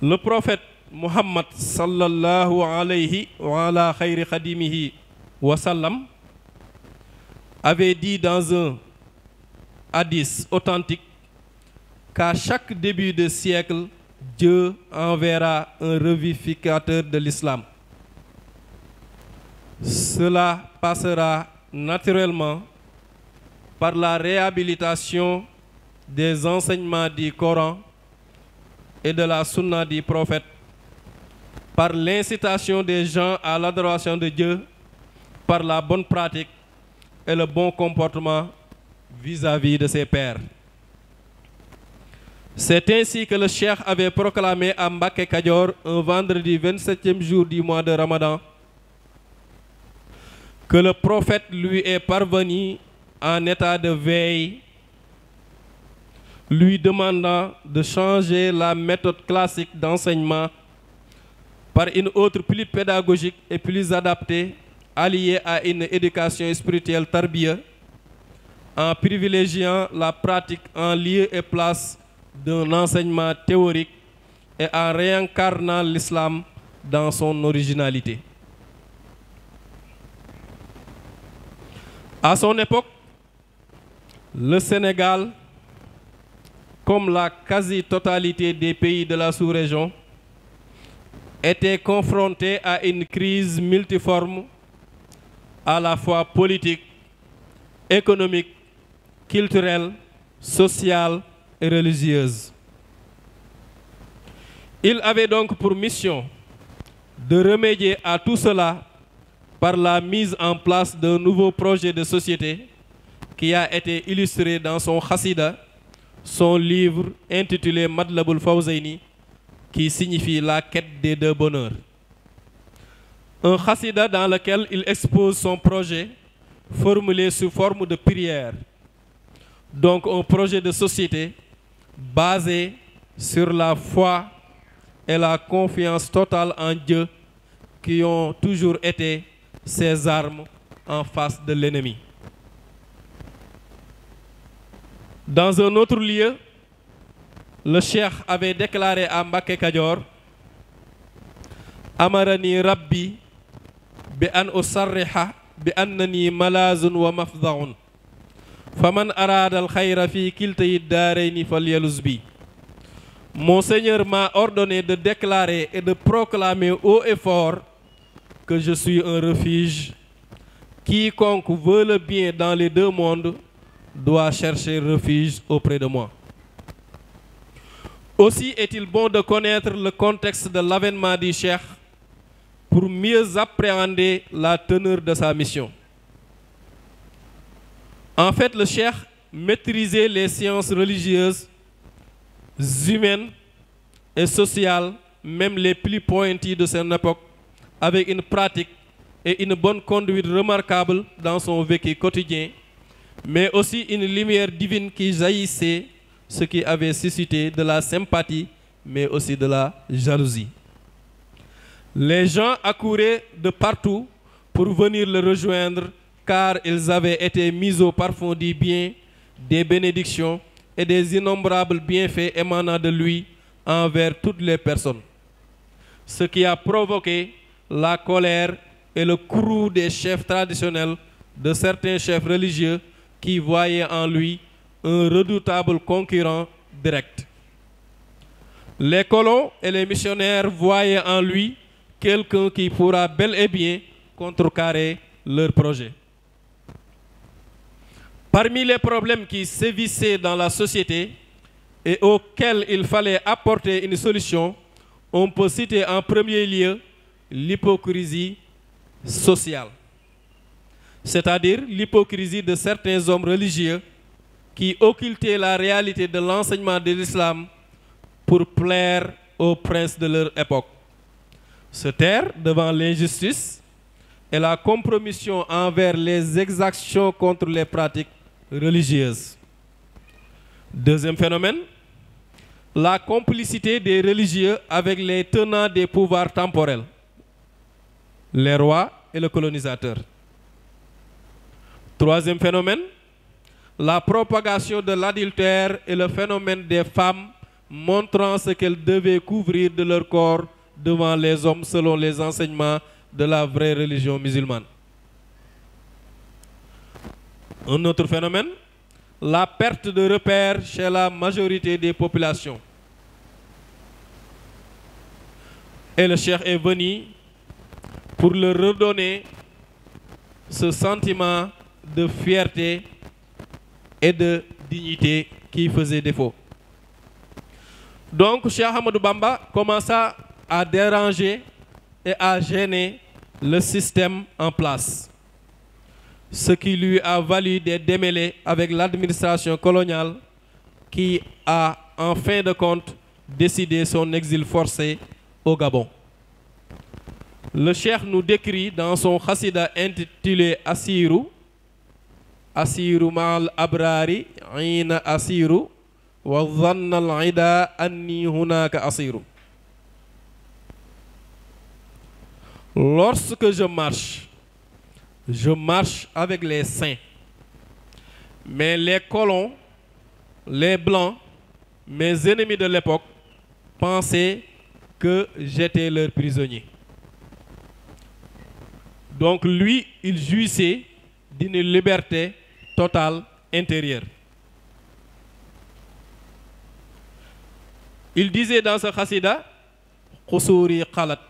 Le prophète Muhammad sallallahu alayhi wa ala khayri khadimihi wa sallam avait dit dans un hadith authentique qu'à chaque début de siècle, Dieu enverra un revivificateur de l'islam. Cela passera naturellement par la réhabilitation des enseignements du Coran et de la Sunna du prophète par l'incitation des gens à l'adoration de Dieu par la bonne pratique et le bon comportement vis-à-vis -vis de ses pères. C'est ainsi que le cheikh avait proclamé à Mbacké Kadior un vendredi 27e jour du mois de Ramadan que le prophète lui est parvenu en état de veille lui demandant de changer la méthode classique d'enseignement par une autre plus pédagogique et plus adaptée, alliée à une éducation spirituelle tarbiya, en privilégiant la pratique en lieu et place d'un enseignement théorique et en réincarnant l'islam dans son originalité. À son époque, le Sénégal comme la quasi-totalité des pays de la sous-région, était confronté à une crise multiforme, à la fois politique, économique, culturelle, sociale et religieuse. Il avait donc pour mission de remédier à tout cela par la mise en place d'un nouveau projet de société qui a été illustré dans son Hassida son livre intitulé Madlabul Fawzayni qui signifie la quête des deux bonheurs. Un chassida dans lequel il expose son projet formulé sous forme de prière. Donc un projet de société basé sur la foi et la confiance totale en Dieu qui ont toujours été ses armes en face de l'ennemi. Dans un autre lieu, le cheikh avait déclaré à Mbacké Kadior amarani rabbi bi an usarriha bi annani malazun wa mafdaun faman arada al khayra fi kiltayi daarayni falyaluz bi mon m'a ordonné de déclarer et de proclamer haut et que je suis un refuge quiconque veut le bien dans les deux mondes doit chercher refuge auprès de moi. Aussi est-il bon de connaître le contexte de l'avènement du Cheikh pour mieux appréhender la teneur de sa mission. En fait, le Cheikh maîtrisait les sciences religieuses, humaines et sociales, même les plus pointues de son époque, avec une pratique et une bonne conduite remarquables dans son vécu quotidien mais aussi une lumière divine qui jaillissait, ce qui avait suscité de la sympathie, mais aussi de la jalousie. Les gens accouraient de partout pour venir le rejoindre, car ils avaient été mis au parfum du bien, des bénédictions et des innombrables bienfaits émanant de lui envers toutes les personnes. Ce qui a provoqué la colère et le courroux des chefs traditionnels, de certains chefs religieux qui voyait en lui un redoutable concurrent direct. Les colons et les missionnaires voyaient en lui quelqu'un qui pourra bel et bien contrecarrer leur projet. Parmi les problèmes qui sévissaient dans la société et auxquels il fallait apporter une solution, on peut citer en premier lieu l'hypocrisie sociale. c'est-à-dire l'hypocrisie de certains hommes religieux qui occultaient la réalité de l'enseignement de l'islam pour plaire aux princes de leur époque. Se taire devant l'injustice et la compromission envers les exactions contre les pratiques religieuses. Deuxième phénomène, la complicité des religieux avec les tenants des pouvoirs temporels, les rois et le colonisateur. Troisième phénomène, la propagation de l'adultère et le phénomène des femmes montrant ce qu'elles devaient couvrir de leur corps devant les hommes selon les enseignements de la vraie religion musulmane. Un autre phénomène, la perte de repères chez la majorité des populations. Et le cheikh est venu pour leur redonner ce sentiment de fierté et de dignité qui faisaient défaut. Donc Cheikh Ahmadou Bamba commença à déranger et à gêner le système en place, ce qui lui a valu des démêlés avec l'administration coloniale qui a, en fin de compte, décidé son exil forcé au Gabon. Le cheikh nous décrit dans son chassida intitulé Assirou asiiru maal abraari iina asiiru wa zanna al ida anni hunaka asiiru lorsque je marche je marche avec les saints mais les colons les blancs mes ennemis de l'époque pensaient que j'étais leur prisonnier donc lui il jouissait d'une liberté totale intérieure. Il disait dans ce khasida Qusuuri qalat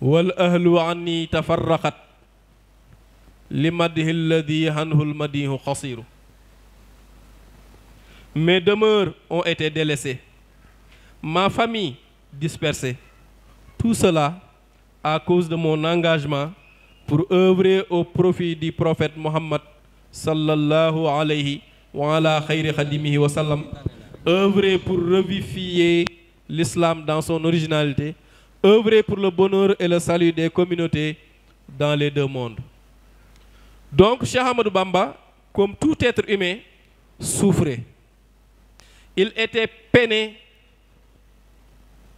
wal ahlu anni tafarraqat li madhi alladhi hanhul madihu qasiru Mes demeures ont été délaissées, ma famille dispersée. Tout à cause de mon engagement pour œuvrer au profit du prophète Mohammed sallallahu alayhi wa ala xayri xadimihi wa sallam œuvrer pour revivifier l'islam dans son originalité œuvrer pour le bonheur et le salut des communautés dans les deux mondes donc Cheikh Ahmadou Bamba comme tout être humain souffrait il était peiné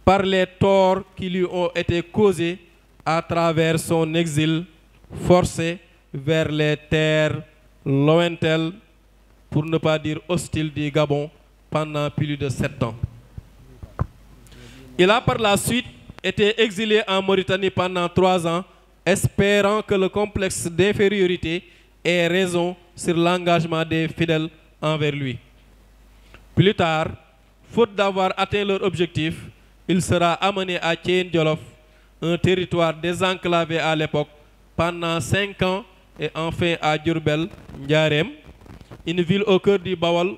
par les torts qui lui ont été causés à travers son exil forcé vers les terres lointaine, pour ne pas dire hostile du Gabon pendant plus de sept ans. Il a par la suite été exilé en Mauritanie pendant trois ans, espérant que le complexe d'infériorité ait raison sur l'engagement des fidèles envers lui. Plus tard, faute d'avoir atteint leur objectif, il sera amené à Thiène Djolof, un territoire désenclavé à l'époque, pendant cinq ans et enfin à Diourbel, Ndiarem, une ville au cœur du Bawal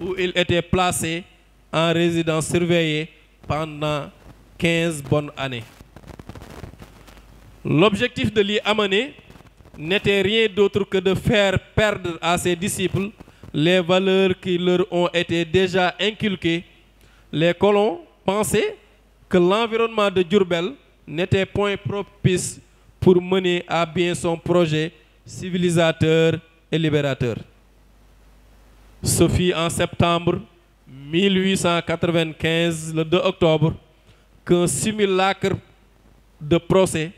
où il était placé en résidence surveillée pendant quinze bonnes années. L'objectif de l'y amener n'était rien d'autre que de faire perdre à ses disciples les valeurs qui leur ont été déjà inculquées. Les colons pensaient que l'environnement de Diourbel n'était point propice pour mener à bien son projet civilisateur et libérateur. Ce fut en septembre 1895, le 2 octobre, qu'un simulacre de procès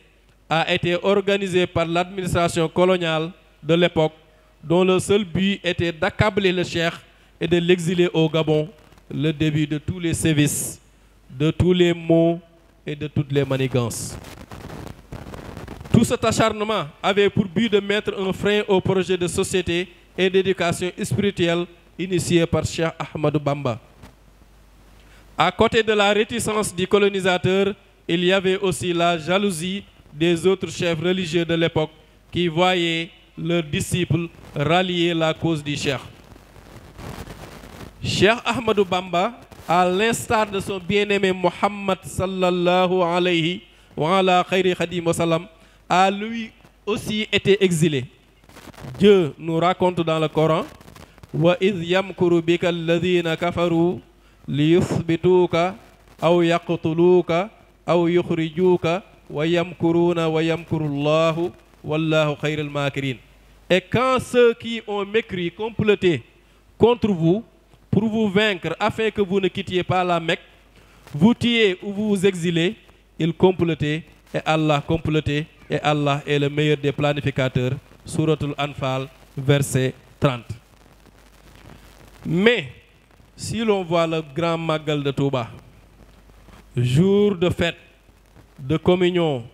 a été organisé par l'administration coloniale de l'époque, dont le seul but était d'accabler le cheikh et de l'exiler au Gabon, le début de tous les sévices, de tous les maux et de toutes les manigances. Tout cet acharnement avait pour but de mettre un frein au projet de société et d'éducation spirituelle initié par Cheikh Ahmadou Bamba. À côté de la réticence du colonisateur, il y avait aussi la jalousie des autres chefs religieux de l'époque qui voyaient leurs disciples rallier la cause du Cheikh. Cheikh Ahmadou Bamba, à l'instar de son bien-aimé Mohammed sallallahu alayhi wa ala khayri a lui aussi été exilé. Dieu nous raconte dans le Coran wa idh yamkuru bika alladhina kafaru liyuthbituuka aw yaqtuluuka aw yukhrijuuka wa yamkuruna wa yamkuru llahu wallahu khayrul et quand ceux qui ont mécru comploté contre vous pour vous vaincre afin que vous ne quittiez pas la Mecque vous tuiez ou vous exilez ils complotaient et Allah complotait et Allah est le meilleur des planificateurs souratul Anfal verset 30 mais si l'on voit le grand Magal de Touba jour de fête de communion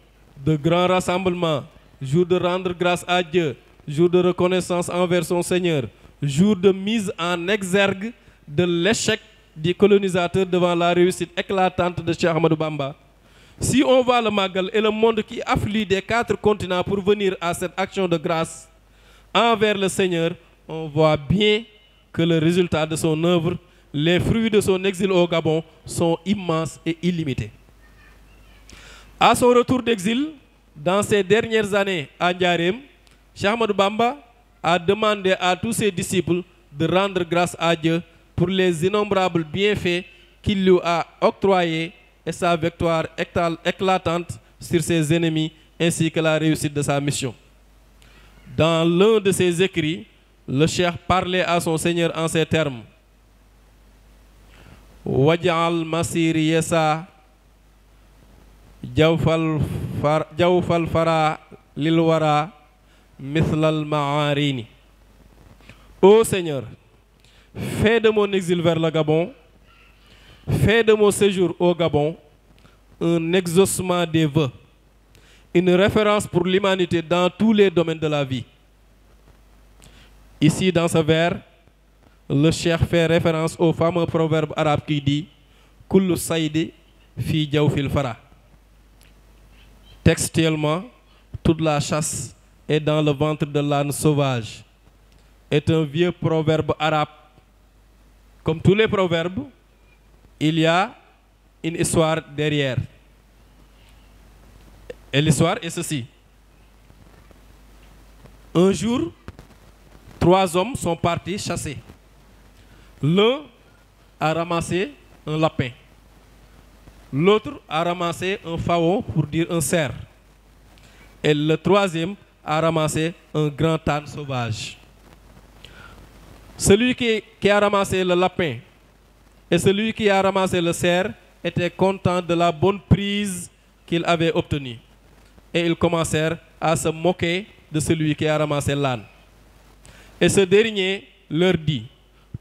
de grands rassemblements jour de rendre grâce à Dieu jour de reconnaissance envers son Seigneur jour de mise en exergue de l'échec du colonisateur devant la réussite éclatante de Cheikh Ahmadou Bamba Si on voit le Magal et le monde qui afflue des quatre continents pour venir à cette action de grâce envers le Seigneur, on voit bien que le résultat de son œuvre, les fruits de son exil au Gabon sont immenses et illimités. À son retour d'exil, dans ces dernières années à Ndiarème, Cheikh Bamba à demandé à tous ses disciples de rendre grâce à Dieu pour les innombrables bienfaits qu'il lui a octroyés et sa victoire éclatante sur ses ennemis ainsi que la réussite de sa mission. Dans l'un de ses écrits, le cheikh parlait à son Seigneur en ces termes. wajal masir yesa jawfal far jawfal mithlal maarini Ô Seigneur, fais exil vers le Gabon Fin de mon séjour au Gabon, un exaucement des vœux, une référence pour l'humanité dans tous les domaines de la vie. Ici, dans ce vers, le cheikh fait référence au fameux proverbe arabe qui dit Kullu saïdi fi jawfil fara. Textuellement, toute la chasse est dans le ventre de l'âne sauvage. Est un vieux proverbe arabe. Comme tous les proverbes, il y a une histoire derrière. Et l'histoire est ceci. Un jour, trois hommes sont partis chasser. L'un a ramassé un lapin. L'autre a ramassé un faon pour dire un cerf. Et le troisième a ramassé un grand âne sauvage. Celui qui, qui a ramassé le lapin Et celui qui a ramassé le cerf était content de la bonne prise qu'il avait obtenue. Et ils commencèrent à se moquer de celui qui a ramassé l'âne. Et ce dernier leur dit,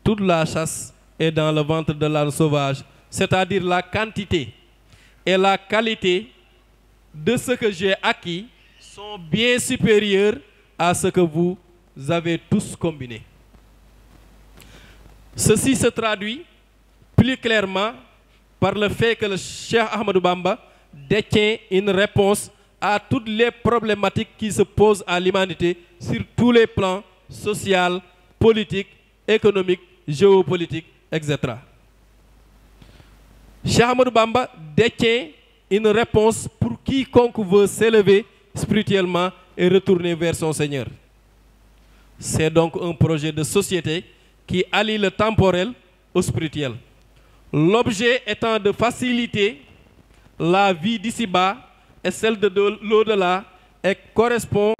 toute la chasse est dans le ventre de l'âne sauvage, c'est-à-dire la quantité et la qualité de ce que j'ai acquis sont bien supérieures à ce que vous avez tous combiné. Ceci se traduit plus clairement par le fait que le Cheikh Ahmadou Bamba détient une réponse à toutes les problématiques qui se posent à l'humanité sur tous les plans social, politique, économique, géopolitique, etc. Cheikh Ahmadou Bamba détient une réponse pour quiconque veut s'élever spirituellement et retourner vers son Seigneur. C'est donc un projet de société qui allie le temporel au spirituel. L'objet étant de faciliter la vie d'ici-bas et celle de l'au-delà et correspond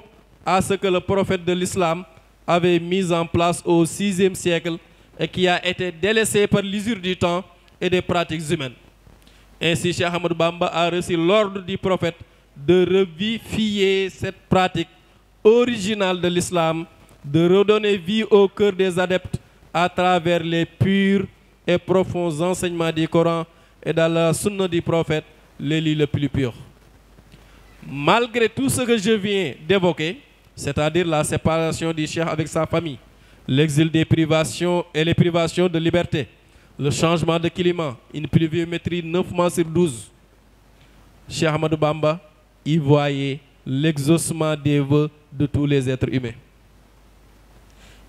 à ce que le prophète de l'islam avait mis en place au sixième siècle et qui a été délaissé par l'usure du temps et des pratiques humaines. Ainsi, Cheikh Ahmadou Bamba a reçu l'ordre du prophète de revivifier cette pratique originale de l'islam, de redonner vie au cœur des adeptes à travers les purs et profonds enseignements du Coran et dans la sunna du prophète, l'élu le plus pur. Malgré tout ce que je viens d'évoquer, c'est-à-dire la séparation du cheikh avec sa famille, l'exil des privations et les privations de liberté, le changement de climat, une pluviométrie 9 mois sur 12, Cheikh Ahmadou Bamba y voyait l'exaucement des vœux de tous les êtres humains.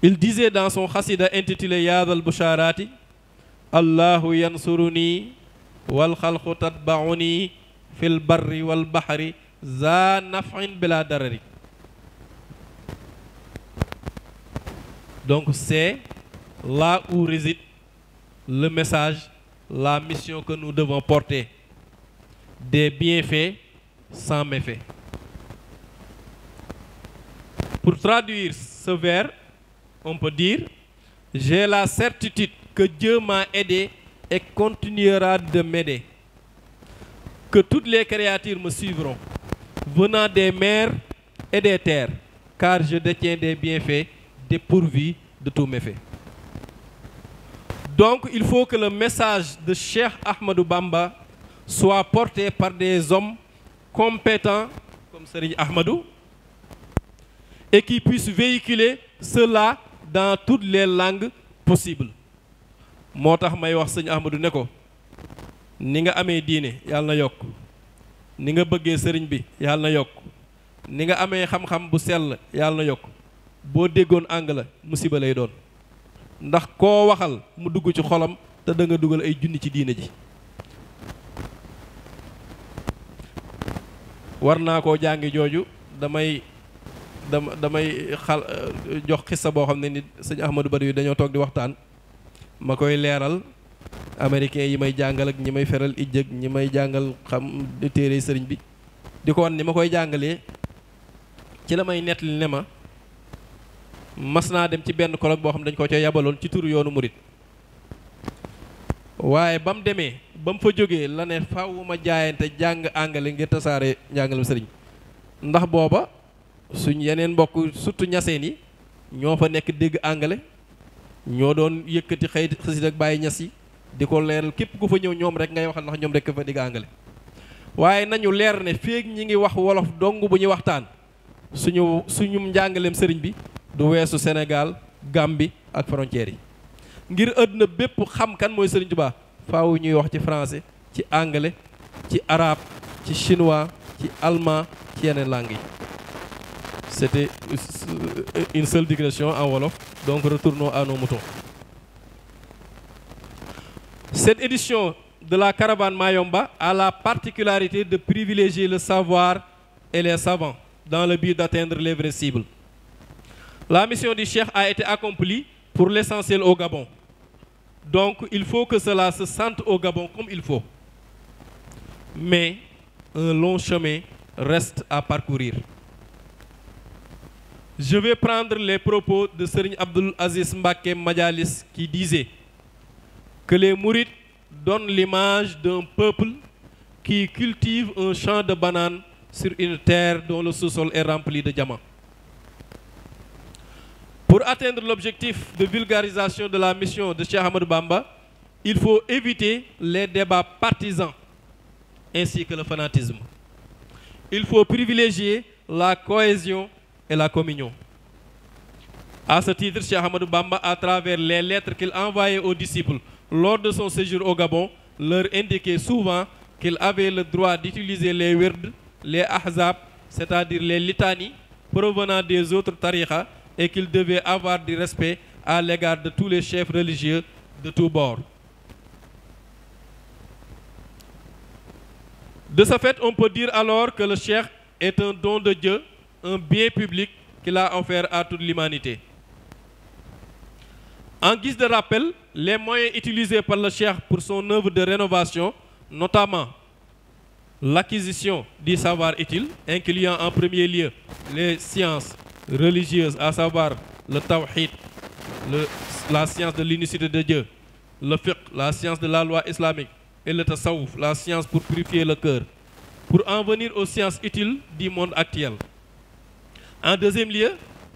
Il disait dans son khassida intitulé Yaad al allahu yansuruni wal xalqu tatbauni fil barri wal baxari za nafin bila darari donc c'est là où réside le message la mission que nous devons porter des bienfaits sans méfaits pour traduire ce on peut dire j'ai la certitude que Dieu m'a aidé et continuera de m'aider. Que toutes les créatures me suivront, venant des mers et des terres, car je détiens des bienfaits dépourvus de tous mes Donc il faut que le message de Cheikh Ahmadou Bamba soit porté par des hommes compétents comme Serigne Ahmadou et qui puissent véhiculer cela dans toutes les langues possibles. moo tax may wax sëñ Ahmadou ne ko ni nga amee diine yàlla na yokk ni nga bëggee sëriñ bi yàlla na yokk ni nga amee xam-xam bu sell yàlla na yokk boo déggoon àng anglais musiba lay doon ndax koo waxal mu dugg ci xolam te danga dugal ay junni ci diine ji war naa koo jàngi jooju damay dama damay xal jox sa boo xam ne nit sëñ Ahmadou Bari dañoo toog di waxtaan ma koy leeral américain yi may jàngal ak ñi may feral ijjëg ñi may jàngal xam téere sëriñ bi di ko wan ni ma koy jàngalee ci la may nettali ne ma mas naa dem ci benn colloque boo xam dañ ko ca yabaloon ci turu yoonu murit waaye ba demee ba fa jógee la ne faaw ma jaayante jàng àngale ngir tasaare njàngalem sëriñ ndax booba suñ yeneen mbokk surtout ñaseen yi ñoo fa nekk dégg àngale ñoo doon yëkkati xëyit xësid ak bàyyi ñas yi di ko leeral képp ku fa ñëw ñoom rek ngay waxal ndax ñoom rek fa di gàngale waaye nañu leer ne feeg ñi ngi wax wolof dong bu ñu waxtaan suñu suñu njàngaleem sëriñ bi du weesu Sénégal Gambie ak frontières yi ngir àdduna bépp xam kan mooy sëriñ Tuubaa faaw ñuy wax ci français ci anglais ci arabe ci chinois ci allemand ci yeneen langues yi C'était une seule digression en Wolof, donc retournons à nos moutons. Cette édition de la caravane Mayomba a la particularité de privilégier le savoir et les savants dans le but d'atteindre les vraies cibles. La mission du Cheikh a été accomplie pour l'essentiel au Gabon. Donc il faut que cela se sente au Gabon comme il faut. Mais un long chemin reste à parcourir. Je vais prendre les propos de Serigne Abdul Aziz Mbacké Madialis qui disait que les mourides donnent l'image d'un peuple qui cultive un champ de banane sur une terre dont le sous-sol est rempli de diamants. Pour atteindre l'objectif de vulgarisation de la mission de Cheikh Ahmadou Bamba, il faut éviter les débats partisans ainsi que le fanatisme. Il faut privilégier la cohésion et la communion. À ce titre, Cheikh Ahmadou Bamba, à travers les lettres qu'il envoyait aux disciples lors de son séjour au Gabon, leur indiquait souvent qu'il avait le droit d'utiliser les wird, les ahzab, c'est-à-dire les litanies provenant des autres tariqas et qu'il devait avoir du respect à l'égard de tous les chefs religieux de tous bords. De on peut dire alors cheikh est un don un bien public qu'il a offert à toute l'humanité. En guise de rappel, les moyens utilisés par le Cheikh pour son œuvre de rénovation, notamment l'acquisition du savoir utile, incluant en premier lieu les sciences religieuses, à savoir le tawhid, le, la science de l'unicité de Dieu, le fiqh, la science de la loi islamique, et le tasawuf, la science pour purifier le cœur, pour en venir aux sciences utiles du monde actuel. En deuxième lieu,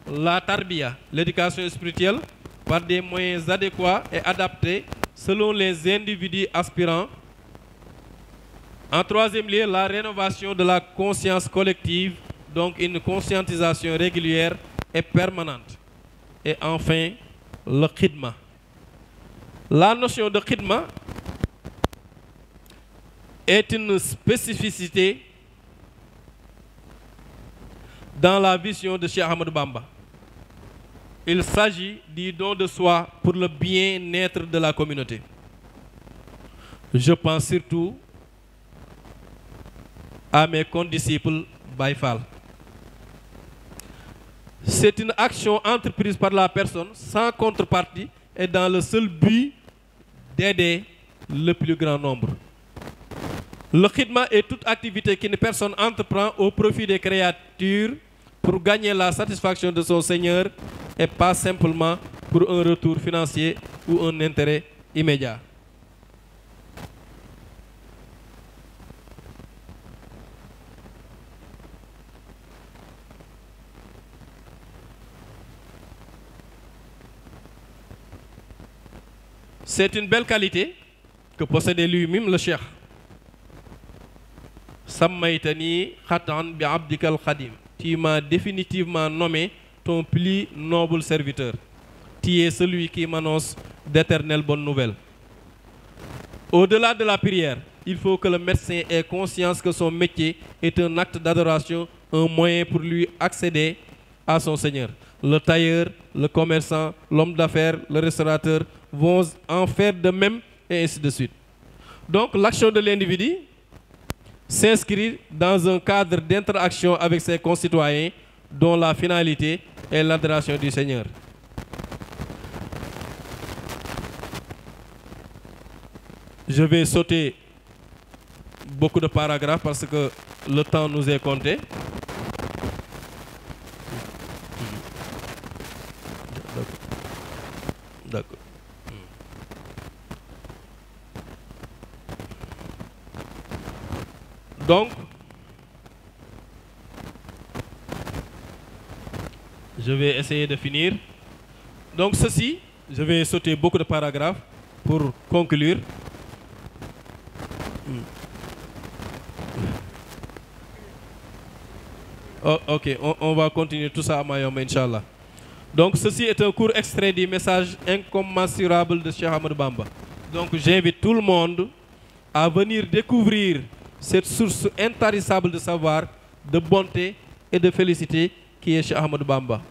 la tarbia, l'éducation spirituelle par des moyens adéquats et adaptés selon les individus aspirants. En troisième lieu, la rénovation de la conscience collective, donc une conscientisation régulière et permanente. Et enfin, le khidma. La notion de khidma est une spécificité dans la vision de Cheikh Ahmadou Bamba. Il s'agit du don de soi pour le bien-être de la communauté. Je pense surtout à mes condisciples Baïfal. C'est une action entreprise par la personne sans contrepartie et dans le seul but d'aider le plus grand nombre. Le khidma est toute activité qu'une personne entreprend au profit des créatures pour gagner la satisfaction de son seigneur et pas simplement pour un retour financier ou un intérêt immédiat. C'est une belle qualité que possédait lui-même le cheikh. sammaytani xatan bi abdikal xadim tu m'as définitivement nommé ton plus noble serviteur. Tu es celui qui m'annonce d'éternelles bonnes nouvelles. Au-delà de la prière, il faut que le médecin ait conscience que son métier est un acte d'adoration, un moyen pour lui accéder à son Seigneur. Le tailleur, le commerçant, l'homme d'affaires, le restaurateur vont en faire de même et ainsi de suite. Donc l'action de l'individu s'inscrire dans un cadre d'interaction avec ses concitoyens dont la finalité est l'adoration du Seigneur. Je vais sauter beaucoup de paragraphes parce que le temps nous est compté. Donc, je vais essayer de finir. Donc ceci, je vais sauter beaucoup de paragraphes pour conclure. Oh, ok, on, on, va continuer tout ça à Mayom, Inch'Allah. Donc ceci est un court extrait du message incommensurable de Cheikh Ahmed Bamba. Donc j'invite tout le monde à venir découvrir cette source intarissable de savoir, de bonté et de félicité qui est Cheikh Ahmadou Bamba.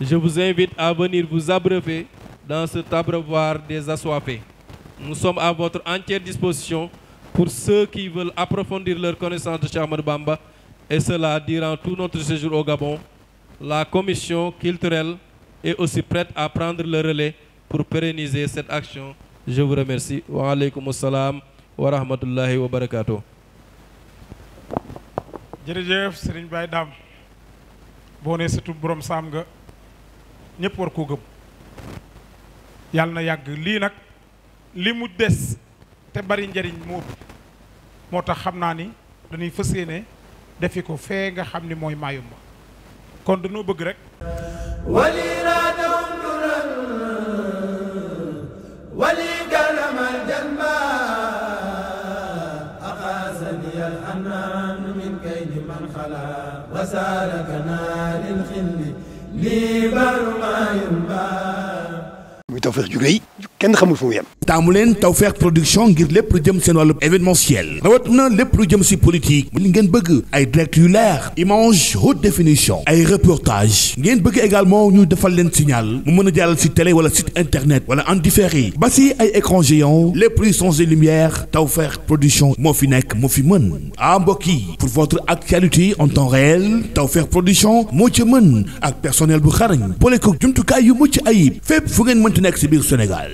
Je vous invite à venir vous abreuver dans cet abreuvoir des assoiffés. Nous sommes à votre entière disposition pour ceux qui veulent approfondir leur connaissance de Cheikh Ahmadou Bamba et cela durant tout notre séjour au Gabon. La commission culturelle est aussi prête à prendre le relais pour pérenniser cette action. Je vous remercie. Wa alaykoum assalam jërëjëf sëriñ Baye Dame boo ne borom saam nga ñëpp war koo gëm yàlla na yàgg lii nag li mu des te bari njariñ moo moo tax xam naa ni dañuy fas yéene defi ko fee nga xam ni mooy maayumba kon dañoo bëgg rek wali خلا وسالكنا للخل لي برما يرمى muy Tawfekh jugee kenn xamul fu mu yem taamu leen Tawfekh production ngir lépp lu jëm seen wàllu événementiel rawat na lépp lu jëm si politique li ngeen bëgg ay direct yu leer image haute définition ay reportage ngeen bëgg également ñu defal leen signal mu mën a jàllal si télé wala site internet wala en différé ba si ay écran géant lépp luy son et lumière Tawfekh production moo fi nekk moo fi mën ah mbokk yi pour votre actualité en temps réel Tawfekh production moo ci mën ak personnel bu xarañ boole ko jumtukaay yu mucc ayib fépp fu ngeen mënti nekk si biir Sénégal